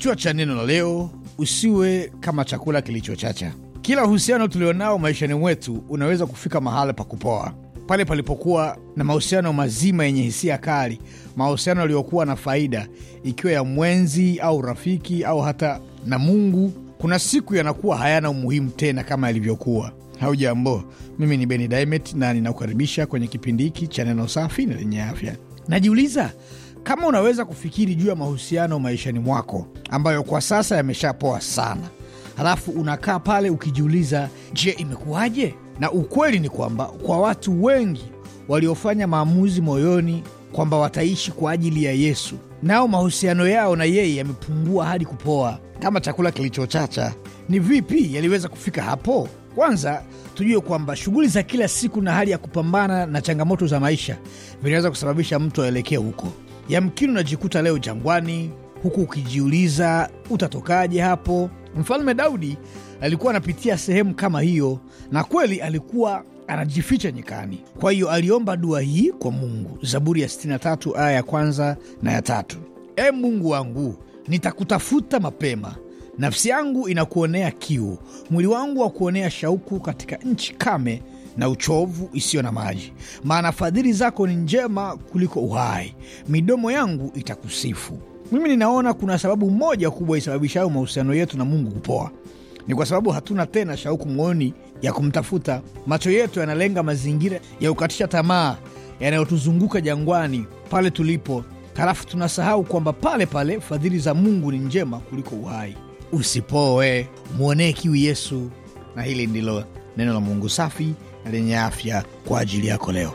Kichwa cha neno la leo: usiwe kama chakula kilichochacha. Kila uhusiano tulionao maishani mwetu unaweza kufika mahala pa kupoa. Pale palipokuwa na mahusiano mazima yenye hisia kali, mahusiano yaliyokuwa na faida, ikiwa ya mwenzi au rafiki au hata na Mungu, kuna siku yanakuwa hayana umuhimu tena kama yalivyokuwa. Haujambo, mimi ni Beni Dimet na ninakukaribisha kwenye kipindi hiki cha neno safi na lenye afya. Najiuliza, kama unaweza kufikiri juu ya mahusiano maishani mwako ambayo kwa sasa yameshapoa sana, halafu unakaa pale ukijiuliza, je, imekuwaje? Na ukweli ni kwamba kwa watu wengi waliofanya maamuzi moyoni kwamba wataishi kwa ajili ya Yesu, nao mahusiano yao na yeye yamepungua hadi kupoa kama chakula kilichochacha. Ni vipi yaliweza kufika hapo? Kwanza tujue kwamba shughuli za kila siku na hali ya kupambana na changamoto za maisha vinaweza kusababisha mtu aelekee huko. Yamkini unajikuta leo jangwani, huku ukijiuliza utatokaje hapo. Mfalme Daudi alikuwa anapitia sehemu kama hiyo, na kweli alikuwa anajificha nyikani. Kwa hiyo aliomba dua hii kwa Mungu, Zaburi ya 63 aya ya kwanza na ya tatu: E Mungu wangu, nitakutafuta mapema, nafsi yangu inakuonea kiu, mwili wangu wa kuonea shauku katika nchi kame na uchovu isiyo na maji, maana fadhili zako ni njema kuliko uhai, midomo yangu itakusifu. Mimi ninaona kuna sababu moja kubwa isababishayo mahusiano yetu na Mungu kupoa ni kwa sababu hatuna tena shauku moyoni ya kumtafuta. Macho yetu yanalenga mazingira ya kukatisha tamaa yanayotuzunguka jangwani pale tulipo, halafu tunasahau kwamba pale pale fadhili za Mungu ni njema kuliko uhai. Usipoe, mwonee kiu Yesu. Na hili ndilo neno la Mungu safi na lenye afya kwa ajili yako leo.